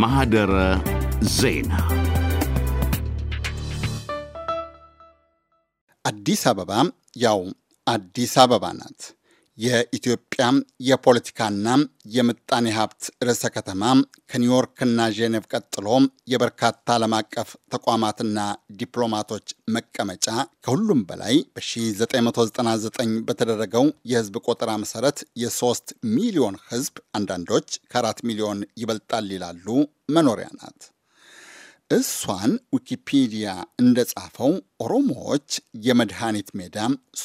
ማህደረ ዜና። አዲስ አበባ ያው አዲስ አበባ ናት። የኢትዮጵያ የፖለቲካና የምጣኔ ሀብት ርዕሰ ከተማ ከኒውዮርክና ዤኔቭ ቀጥሎ የበርካታ ዓለም አቀፍ ተቋማትና ዲፕሎማቶች መቀመጫ፣ ከሁሉም በላይ በ1999 በተደረገው የህዝብ ቆጠራ መሰረት የ3 ሚሊዮን ህዝብ፣ አንዳንዶች ከአራት ሚሊዮን ይበልጣል ይላሉ፣ መኖሪያ ናት። እሷን ዊኪፒዲያ እንደጻፈው ኦሮሞዎች የመድኃኒት ሜዳ፣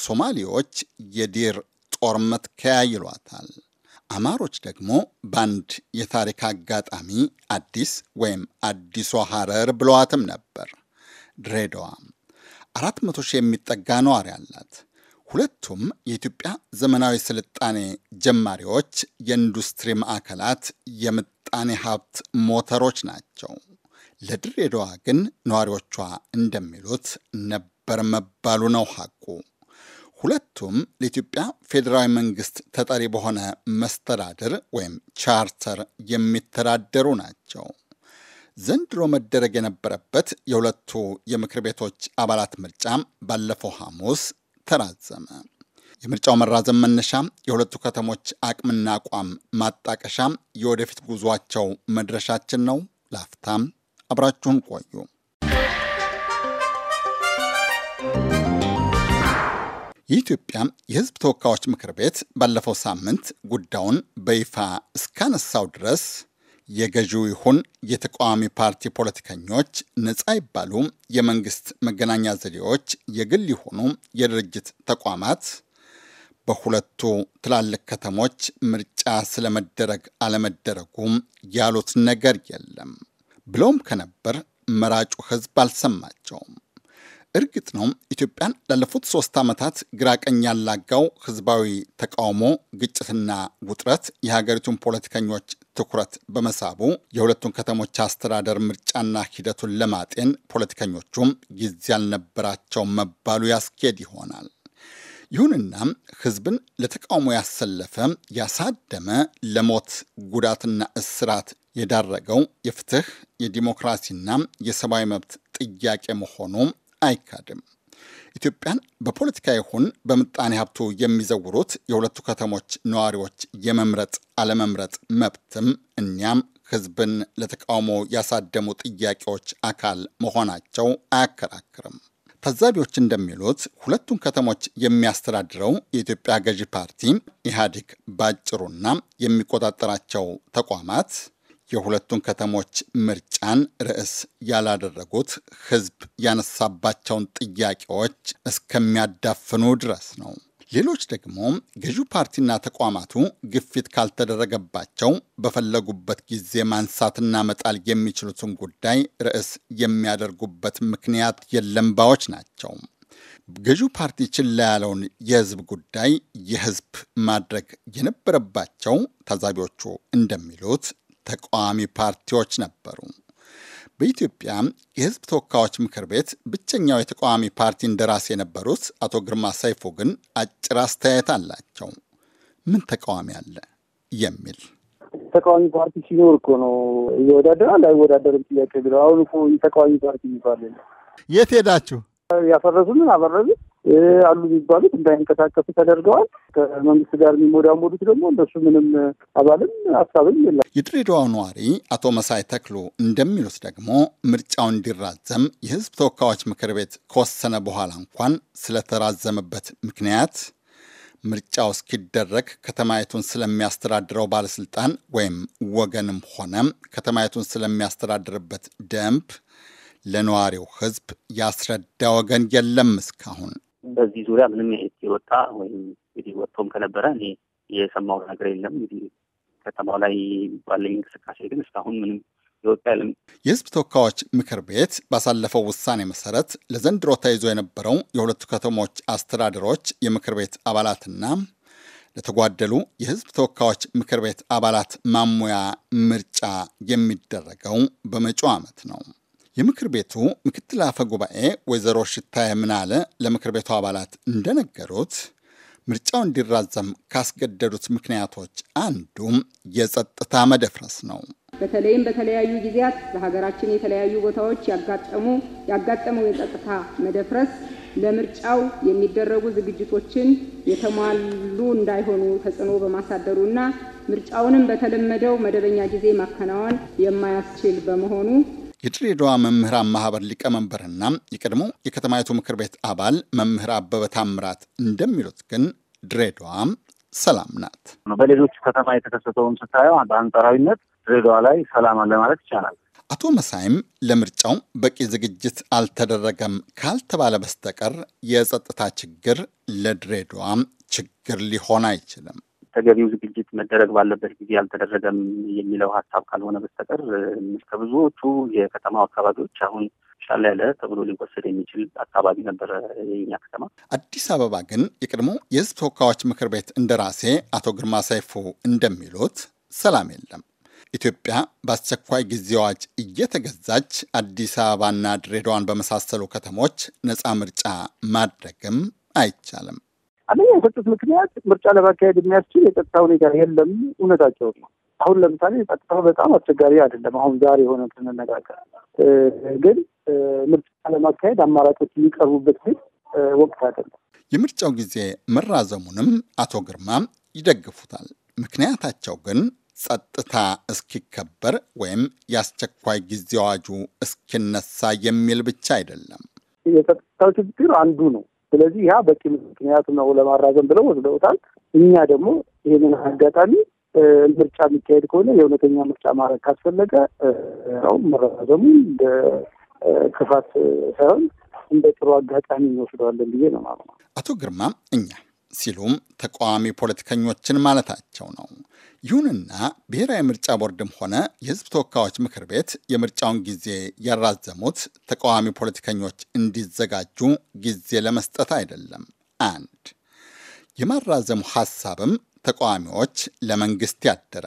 ሶማሌዎች የዲር ጦር ይሏታል አማሮች ደግሞ በአንድ የታሪክ አጋጣሚ አዲስ ወይም አዲሷ ሐረር ብለዋትም ነበር። ድሬዳዋ አራት መቶ ሺህ የሚጠጋ ነዋሪ አላት። ሁለቱም የኢትዮጵያ ዘመናዊ ስልጣኔ ጀማሪዎች የኢንዱስትሪ ማዕከላት፣ የምጣኔ ሀብት ሞተሮች ናቸው። ለድሬዳዋ ግን ነዋሪዎቿ እንደሚሉት ነበር መባሉ ነው ሐቁ። ሁለቱም ለኢትዮጵያ ፌዴራዊ መንግስት ተጠሪ በሆነ መስተዳድር ወይም ቻርተር የሚተዳደሩ ናቸው። ዘንድሮ መደረግ የነበረበት የሁለቱ የምክር ቤቶች አባላት ምርጫ ባለፈው ሐሙስ ተራዘመ። የምርጫው መራዘም መነሻ የሁለቱ ከተሞች አቅምና አቋም ማጣቀሻ የወደፊት ጉዟቸው መድረሻችን ነው። ላፍታም አብራችሁን ቆዩ። የኢትዮጵያ የሕዝብ ተወካዮች ምክር ቤት ባለፈው ሳምንት ጉዳዩን በይፋ እስካነሳው ድረስ የገዢው ይሁን የተቃዋሚ ፓርቲ ፖለቲከኞች ነፃ ይባሉ የመንግስት መገናኛ ዘዴዎች፣ የግል የሆኑ የድርጅት ተቋማት በሁለቱ ትላልቅ ከተሞች ምርጫ ስለመደረግ አለመደረጉም ያሉት ነገር የለም። ብለውም ከነበር መራጩ ህዝብ አልሰማቸውም። እርግጥ ነው ኢትዮጵያን ላለፉት ሶስት ዓመታት ግራቀኝ ያላጋው ህዝባዊ ተቃውሞ፣ ግጭትና ውጥረት የሀገሪቱን ፖለቲከኞች ትኩረት በመሳቡ የሁለቱን ከተሞች አስተዳደር ምርጫና ሂደቱን ለማጤን ፖለቲከኞቹም ጊዜ ያልነበራቸው መባሉ ያስኬድ ይሆናል። ይሁንና ህዝብን ለተቃውሞ ያሰለፈ፣ ያሳደመ፣ ለሞት ጉዳትና እስራት የዳረገው የፍትህ የዲሞክራሲና የሰብአዊ መብት ጥያቄ መሆኑ አይካድም። ኢትዮጵያን በፖለቲካ ይሁን በምጣኔ ሀብቱ የሚዘውሩት የሁለቱ ከተሞች ነዋሪዎች የመምረጥ አለመምረጥ መብትም እኒያም ሕዝብን ለተቃውሞ ያሳደሙ ጥያቄዎች አካል መሆናቸው አያከራክርም። ታዛቢዎች እንደሚሉት ሁለቱን ከተሞች የሚያስተዳድረው የኢትዮጵያ ገዢ ፓርቲ ኢህአዴግ ባጭሩና የሚቆጣጠራቸው ተቋማት የሁለቱን ከተሞች ምርጫን ርዕስ ያላደረጉት ህዝብ ያነሳባቸውን ጥያቄዎች እስከሚያዳፍኑ ድረስ ነው። ሌሎች ደግሞ ገዢው ፓርቲና ተቋማቱ ግፊት ካልተደረገባቸው በፈለጉበት ጊዜ ማንሳትና መጣል የሚችሉትን ጉዳይ ርዕስ የሚያደርጉበት ምክንያት የለም ናቸው። ገዢው ፓርቲ ችላ ያለውን የህዝብ ጉዳይ የህዝብ ማድረግ የነበረባቸው ታዛቢዎቹ እንደሚሉት ተቃዋሚ ፓርቲዎች ነበሩ። በኢትዮጵያ የሕዝብ ተወካዮች ምክር ቤት ብቸኛው የተቃዋሚ ፓርቲ እንደራሴ የነበሩት አቶ ግርማ ሰይፉ ግን አጭር አስተያየት አላቸው። ምን ተቃዋሚ አለ የሚል ተቃዋሚ ፓርቲ ሲኖር እኮ ነው ይወዳደራል አይወዳደርም ጥያቄ ብለው አሁን እኮ ተቃዋሚ ፓርቲ የሚባል የት ሄዳችሁ ያፈረሱልን አፈረሱ አሉ የሚባሉት እንዳይንቀሳቀሱ ተደርገዋል። ከመንግስት ጋር የሚሞዳሞዱት ደግሞ እነሱ ምንም አባልም ሀሳብም የለም። የድሬዳዋ ነዋሪ አቶ መሳይ ተክሎ እንደሚሉት ደግሞ ምርጫው እንዲራዘም የህዝብ ተወካዮች ምክር ቤት ከወሰነ በኋላ እንኳን ስለተራዘመበት ምክንያት ምርጫው እስኪደረግ ከተማይቱን ስለሚያስተዳድረው ባለስልጣን ወይም ወገንም ሆነ ከተማይቱን ስለሚያስተዳድርበት ደንብ ለነዋሪው ህዝብ ያስረዳ ወገን የለም እስካሁን። በዚህ ዙሪያ ምንም የወጣ ወይም እንግዲህ ወጥቶም ከነበረ እኔ የሰማው ነገር የለም። እንግዲህ ከተማው ላይ ባለኝ እንቅስቃሴ ግን እስካሁን ምንም የህዝብ ተወካዮች ምክር ቤት ባሳለፈው ውሳኔ መሰረት ለዘንድሮ ተይዞ የነበረው የሁለቱ ከተሞች አስተዳደሮች የምክር ቤት አባላትና ለተጓደሉ የህዝብ ተወካዮች ምክር ቤት አባላት ማሙያ ምርጫ የሚደረገው በመጪው ዓመት ነው። የምክር ቤቱ ምክትል አፈ ጉባኤ ወይዘሮ ሽታዬ ምናለ ለምክር ቤቱ አባላት እንደነገሩት ምርጫው እንዲራዘም ካስገደዱት ምክንያቶች አንዱም የጸጥታ መደፍረስ ነው። በተለይም በተለያዩ ጊዜያት በሀገራችን የተለያዩ ቦታዎች ያጋጠሙ ያጋጠመው የጸጥታ መደፍረስ ለምርጫው የሚደረጉ ዝግጅቶችን የተሟሉ እንዳይሆኑ ተጽዕኖ በማሳደሩና ምርጫውንም በተለመደው መደበኛ ጊዜ ማከናወን የማያስችል በመሆኑ የድሬዳዋ መምህራን ማህበር ሊቀመንበርና የቀድሞ የከተማይቱ ምክር ቤት አባል መምህር አበበ ታምራት እንደሚሉት ግን ድሬዳዋ ሰላም ናት። በሌሎች ከተማ የተከሰተውን ስታየው በአንጻራዊነት ድሬዳዋ ላይ ሰላም አለ ማለት ይቻላል። አቶ መሳይም ለምርጫው በቂ ዝግጅት አልተደረገም ካልተባለ በስተቀር የጸጥታ ችግር ለድሬዳዋ ችግር ሊሆን አይችልም ተገቢው ዝግጅት መደረግ ባለበት ጊዜ አልተደረገም የሚለው ሀሳብ ካልሆነ በስተቀር ከብዙዎቹ የከተማው አካባቢዎች አሁን ሻል ያለ ተብሎ ሊወሰድ የሚችል አካባቢ ነበረ የኛ ከተማ። አዲስ አበባ ግን የቀድሞ የህዝብ ተወካዮች ምክር ቤት እንደራሴ አቶ ግርማ ሰይፉ እንደሚሉት ሰላም የለም። ኢትዮጵያ በአስቸኳይ ጊዜ አዋጅ እየተገዛች አዲስ አበባና ድሬዳዋን በመሳሰሉ ከተሞች ነፃ ምርጫ ማድረግም አይቻልም። አንደኛ የሰጡት ምክንያት ምርጫ ለማካሄድ የሚያስችል የጸጥታ ሁኔታ የለም። እውነታቸው ነው። አሁን ለምሳሌ ጸጥታው በጣም አስቸጋሪ አይደለም። አሁን ዛሬ የሆነ ስንነጋገር ግን ምርጫ ለማካሄድ አማራጮች የሚቀርቡበት ግን ወቅት አይደለም። የምርጫው ጊዜ መራዘሙንም አቶ ግርማ ይደግፉታል። ምክንያታቸው ግን ጸጥታ እስኪከበር ወይም የአስቸኳይ ጊዜ አዋጁ እስኪነሳ የሚል ብቻ አይደለም። የጸጥታው ችግር አንዱ ነው። ስለዚህ ያ በቂ ምክንያት ነው ለማራዘም ብለው ወስደውታል። እኛ ደግሞ ይህንን አጋጣሚ ምርጫ የሚካሄድ ከሆነ የእውነተኛ ምርጫ ማድረግ ካስፈለገ ው መራዘሙ እንደ ክፋት ሳይሆን እንደ ጥሩ አጋጣሚ እንወስደዋለን ብዬ ነው ማለት ነው። አቶ ግርማ እኛ ሲሉም ተቃዋሚ ፖለቲከኞችን ማለታቸው ነው። ይሁንና ብሔራዊ ምርጫ ቦርድም ሆነ የህዝብ ተወካዮች ምክር ቤት የምርጫውን ጊዜ ያራዘሙት ተቃዋሚ ፖለቲከኞች እንዲዘጋጁ ጊዜ ለመስጠት አይደለም። አንድ የማራዘሙ ሐሳብም ተቃዋሚዎች ለመንግስት ያደረ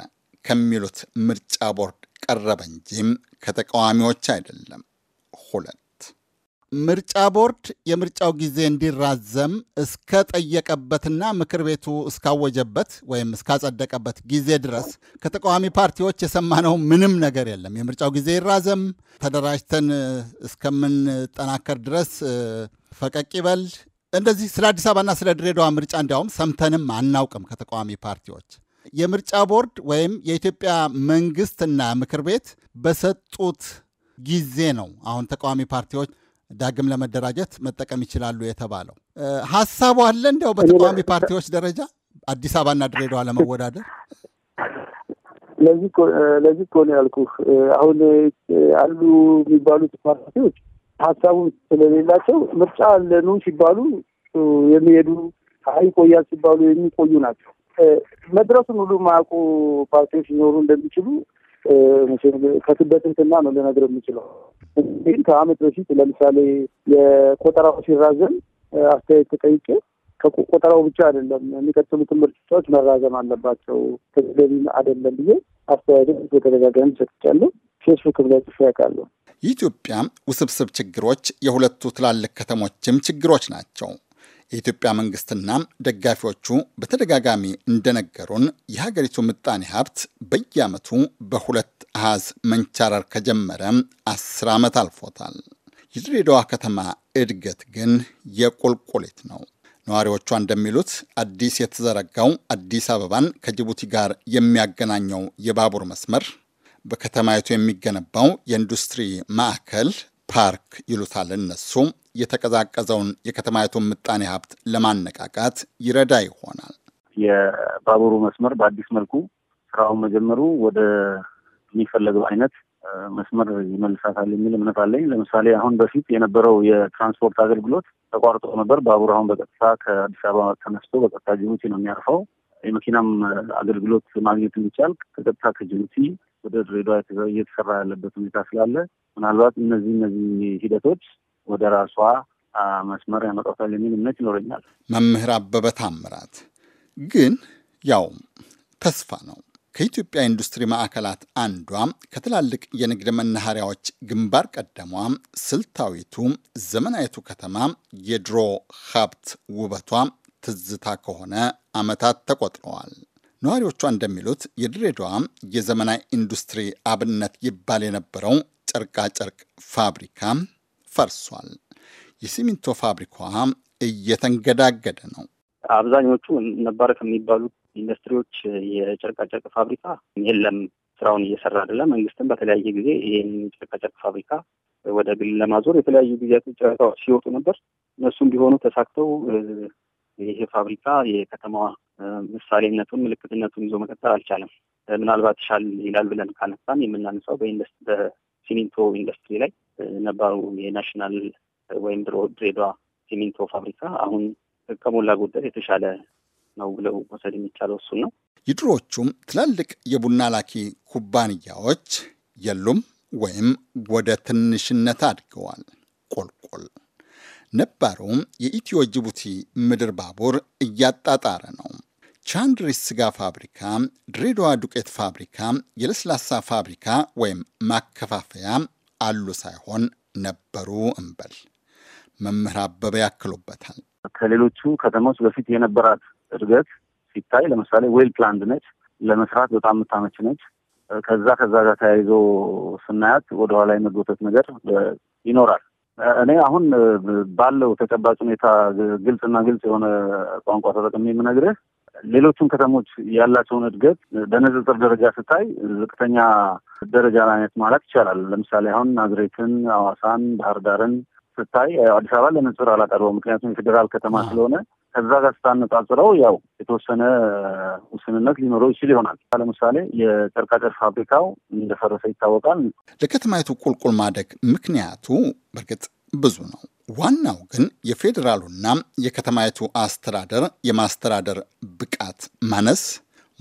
ከሚሉት ምርጫ ቦርድ ቀረበ እንጂም ከተቃዋሚዎች አይደለም። ሁለት ምርጫ ቦርድ የምርጫው ጊዜ እንዲራዘም እስከጠየቀበትና ምክር ቤቱ እስካወጀበት ወይም እስካጸደቀበት ጊዜ ድረስ ከተቃዋሚ ፓርቲዎች የሰማነው ምንም ነገር የለም። የምርጫው ጊዜ ይራዘም፣ ተደራጅተን እስከምንጠናከር ድረስ ፈቀቅ ይበል፣ እንደዚህ ስለ አዲስ አበባና ስለ ድሬዳዋ ምርጫ እንዲያውም ሰምተንም አናውቅም ከተቃዋሚ ፓርቲዎች። የምርጫ ቦርድ ወይም የኢትዮጵያ መንግስትና ምክር ቤት በሰጡት ጊዜ ነው አሁን ተቃዋሚ ፓርቲዎች ዳግም ለመደራጀት መጠቀም ይችላሉ የተባለው ሀሳቡ አለ እንዲያው በተቃዋሚ ፓርቲዎች ደረጃ አዲስ አበባና ድሬዳዋ ለመወዳደር ለዚህ እኮ ነው ያልኩህ። አሁን አሉ የሚባሉት ፓርቲዎች ሀሳቡ ስለሌላቸው ምርጫ አለኑ ሲባሉ የሚሄዱ አይ ቆያል ሲባሉ የሚቆዩ ናቸው። መድረሱን ሁሉ ማያውቁ ፓርቲዎች ሊኖሩ እንደሚችሉ ከትበትንትና ነው ልነግርህ የምችለው። ግን ከአመት በፊት ለምሳሌ የቆጠራው ሲራዘም አስተያየት ተጠይቄ ከቆጠራው ብቻ አይደለም የሚቀጥሉት ምርጫዎች መራዘም አለባቸው፣ ተገቢ አይደለም ብዬ አስተያየት በተደጋጋሚ ሰጥቻለሁ። ፌስቡክ ላይ ጽፌ ያውቃለሁ። የኢትዮጵያ ውስብስብ ችግሮች የሁለቱ ትላልቅ ከተሞችም ችግሮች ናቸው። የኢትዮጵያ መንግስትና ደጋፊዎቹ በተደጋጋሚ እንደነገሩን የሀገሪቱ ምጣኔ ሀብት በየዓመቱ በሁለት አሃዝ መንቻረር ከጀመረ አስር ዓመት አልፎታል። የድሬዳዋ ከተማ እድገት ግን የቁልቁሌት ነው። ነዋሪዎቿ እንደሚሉት አዲስ የተዘረጋው አዲስ አበባን ከጅቡቲ ጋር የሚያገናኘው የባቡር መስመር፣ በከተማይቱ የሚገነባው የኢንዱስትሪ ማዕከል ፓርክ ይሉታል እነሱ። የተቀዛቀዘውን የከተማይቱን ምጣኔ ሀብት ለማነቃቃት ይረዳ ይሆናል። የባቡሩ መስመር በአዲስ መልኩ ስራውን መጀመሩ ወደ የሚፈለገው አይነት መስመር ይመልሳታል የሚል እምነት አለኝ። ለምሳሌ አሁን በፊት የነበረው የትራንስፖርት አገልግሎት ተቋርጦ ነበር። ባቡር አሁን በቀጥታ ከአዲስ አበባ ተነስቶ በቀጥታ ጅቡቲ ነው የሚያርፈው። የመኪናም አገልግሎት ማግኘት የሚቻል ከቀጥታ ከጅቡቲ ወደ ድሬዳዋ እየተሰራ ያለበት ሁኔታ ስላለ ምናልባት እነዚህ እነዚህ ሂደቶች ወደ ራሷ መስመር ያመጣታል የሚል እምነት ይኖረኛል። መምህር አበበ ታምራት ግን ያው ተስፋ ነው። ከኢትዮጵያ ኢንዱስትሪ ማዕከላት አንዷ ከትላልቅ የንግድ መናኸሪያዎች ግንባር ቀደሟ ስልታዊቱ ዘመናዊቱ ከተማ የድሮ ሀብት ውበቷ ትዝታ ከሆነ ዓመታት ተቆጥረዋል። ነዋሪዎቿ እንደሚሉት የድሬዳዋ የዘመናዊ ኢንዱስትሪ አብነት ይባል የነበረው ጨርቃጨርቅ ፋብሪካ ፈርሷል። የሲሚንቶ ፋብሪካዋ እየተንገዳገደ ነው። አብዛኞቹ ነባር ከሚባሉት ኢንዱስትሪዎች የጨርቃጨርቅ ፋብሪካ የለም፣ ስራውን እየሰራ አይደለም። መንግስትም በተለያየ ጊዜ ይህን ጨርቃጨርቅ ፋብሪካ ወደ ግል ለማዞር የተለያዩ ጊዜያት ጨረታዎች ሲወጡ ነበር። እነሱም ቢሆኑ ተሳክተው ይሄ ፋብሪካ የከተማዋ ምሳሌነቱን ምልክትነቱን ይዞ መቀጠል አልቻለም። ምናልባት ይሻል ይላል ብለን ካነሳን የምናነሳው በሲሚንቶ ኢንዱስትሪ ላይ ነባሩ የናሽናል ወይም ድሮ ድሬዳዋ ሲሚንቶ ፋብሪካ አሁን ከሞላ ጎደል የተሻለ ነው ብለው መውሰድ የሚቻለው እሱን ነው። የድሮዎቹም ትላልቅ የቡና ላኪ ኩባንያዎች የሉም ወይም ወደ ትንሽነት አድገዋል። ቆልቆል ነባሩም የኢትዮ ጅቡቲ ምድር ባቡር እያጣጣረ ነው። ቻንድሪስ ስጋ ፋብሪካ፣ ድሬዳዋ ዱቄት ፋብሪካ፣ የለስላሳ ፋብሪካ ወይም ማከፋፈያ አሉ ሳይሆን ነበሩ እንበል። መምህር አበበ ያክሉበታል። ከሌሎቹ ከተሞች በፊት የነበራት እድገት ሲታይ ለምሳሌ ዌል ፕላንድ ነች፣ ለመስራት በጣም የምታመች ነች። ከዛ ከዛ ጋር ተያይዞ ስናያት ወደኋላ የመጎተት ነገር ይኖራል። እኔ አሁን ባለው ተጨባጭ ሁኔታ ግልጽና ግልጽ የሆነ ቋንቋ ተጠቅሜ የምነግርህ ሌሎቹን ከተሞች ያላቸውን እድገት በንጽጽር ደረጃ ስታይ ዝቅተኛ ደረጃ ላይነት ማለት ይቻላል። ለምሳሌ አሁን ናዝሬትን፣ አዋሳን ባህር ዳርን ስታይ አዲስ አበባ ለንጽር አላቀርበው፣ ምክንያቱም ፌዴራል ከተማ ስለሆነ ከዛ ጋር ስታነጻጽረው ያው የተወሰነ ውስንነት ሊኖረው ይችል ይሆናል። ለምሳሌ የጨርቃጨር ፋብሪካው እንደፈረሰ ይታወቃል። ለከተማይቱ ቁልቁል ማደግ ምክንያቱ በእርግጥ ብዙ ነው። ዋናው ግን የፌዴራሉና የከተማይቱ አስተዳደር የማስተዳደር ብቃት ማነስ፣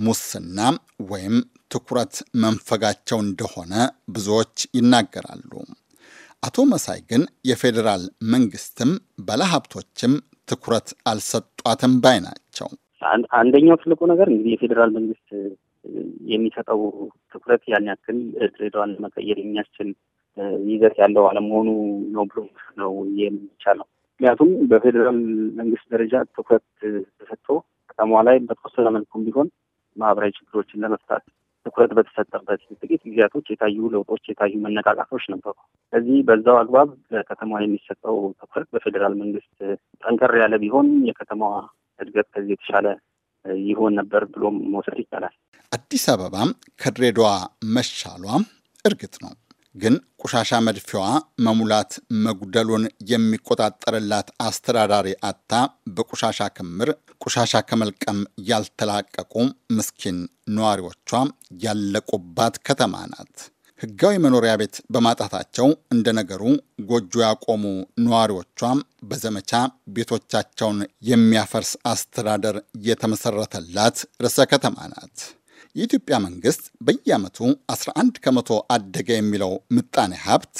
ሙስና ወይም ትኩረት መንፈጋቸው እንደሆነ ብዙዎች ይናገራሉ። አቶ መሳይ ግን የፌዴራል መንግስትም ባለሀብቶችም ትኩረት አልሰጧትም ባይ ናቸው። አንደኛው ትልቁ ነገር እንግዲህ የፌዴራል መንግስት የሚሰጠው ትኩረት ያን ያክል ድሬዳዋን ለመቀየር የሚያስችል ይዘት ያለው አለመሆኑ ነው ብሎ ነው የሚቻለው። ምክንያቱም በፌዴራል መንግስት ደረጃ ትኩረት ተሰጥቶ ከተማዋ ላይ በተወሰነ መልኩም ቢሆን ማህበራዊ ችግሮችን ለመፍታት ትኩረት በተሰጠበት ጥቂት ጊዜያቶች የታዩ ለውጦች፣ የታዩ መነቃቃቶች ነበሩ። ከዚህ በዛው አግባብ ለከተማዋ የሚሰጠው ትኩረት በፌዴራል መንግስት ጠንከር ያለ ቢሆን የከተማዋ እድገት ከዚህ የተሻለ ይሆን ነበር ብሎም መውሰድ ይቻላል። አዲስ አበባ ከድሬዳዋ መሻሏ እርግጥ ነው። ግን ቆሻሻ መድፊዋ መሙላት መጉደሉን የሚቆጣጠርላት አስተዳዳሪ አታ በቆሻሻ ክምር ቆሻሻ ከመልቀም ያልተላቀቁ ምስኪን ነዋሪዎቿ ያለቁባት ከተማ ናት። ህጋዊ መኖሪያ ቤት በማጣታቸው እንደ ነገሩ ጎጆ ያቆሙ ነዋሪዎቿም በዘመቻ ቤቶቻቸውን የሚያፈርስ አስተዳደር የተመሰረተላት ርዕሰ ከተማ ናት። የኢትዮጵያ መንግስት በየዓመቱ 11 ከመቶ አደገ የሚለው ምጣኔ ሀብት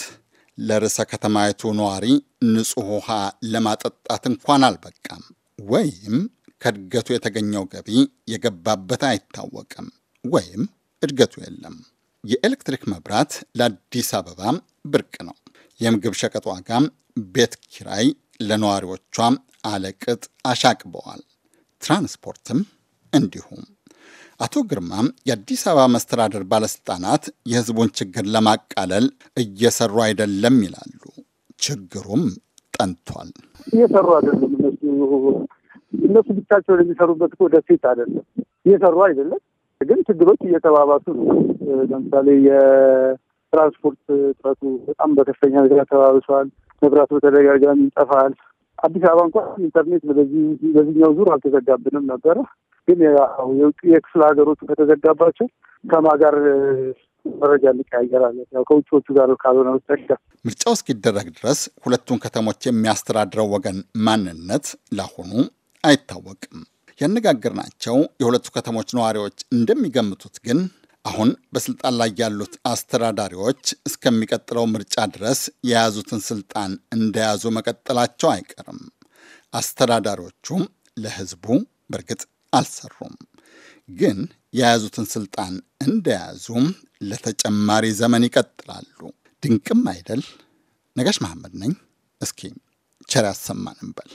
ለርዕሰ ከተማይቱ ነዋሪ ንጹሕ ውሃ ለማጠጣት እንኳን አልበቃም። ወይም ከእድገቱ የተገኘው ገቢ የገባበት አይታወቅም፣ ወይም እድገቱ የለም። የኤሌክትሪክ መብራት ለአዲስ አበባ ብርቅ ነው። የምግብ ሸቀጥ ዋጋም፣ ቤት ኪራይ ለነዋሪዎቿ አለቅጥ አሻቅበዋል። ትራንስፖርትም እንዲሁም። አቶ ግርማ የአዲስ አበባ መስተዳደር ባለስልጣናት የህዝቡን ችግር ለማቃለል እየሰሩ አይደለም ይላሉ። ችግሩም ጠንቷል። እየሰሩ አይደለም። እነሱ ብቻቸውን የሚሰሩበት ደሴት አይደለም። እየሰሩ አይደለም ችግሮች እየተባባሱ ነው። ለምሳሌ የትራንስፖርት እጥረቱ በጣም በከፍተኛ ነገር ተባብሷል። መብራቱ በተደጋጋሚ ይጠፋል። አዲስ አበባ እንኳን ኢንተርኔት በዚህኛው ዙር አልተዘጋብንም ነበረ። ግን ያው የውጭ የክፍለ ሀገሮቹ ከተዘጋባቸው ከማ ጋር መረጃ እንቀያየራለን። ያው ከውጭዎቹ ጋር ካልሆነ በስተቀር ምርጫው እስኪደረግ ድረስ ሁለቱን ከተሞች የሚያስተዳድረው ወገን ማንነት ለአሁኑ አይታወቅም። ያነጋገርናቸው የሁለቱ ከተሞች ነዋሪዎች እንደሚገምቱት ግን አሁን በስልጣን ላይ ያሉት አስተዳዳሪዎች እስከሚቀጥለው ምርጫ ድረስ የያዙትን ስልጣን እንደያዙ መቀጠላቸው አይቀርም። አስተዳዳሪዎቹም ለሕዝቡ በእርግጥ አልሰሩም፣ ግን የያዙትን ስልጣን እንደያዙ ለተጨማሪ ዘመን ይቀጥላሉ። ድንቅም አይደል? ነጋሽ መሐመድ ነኝ። እስኪ ቸር ያሰማን እንበል።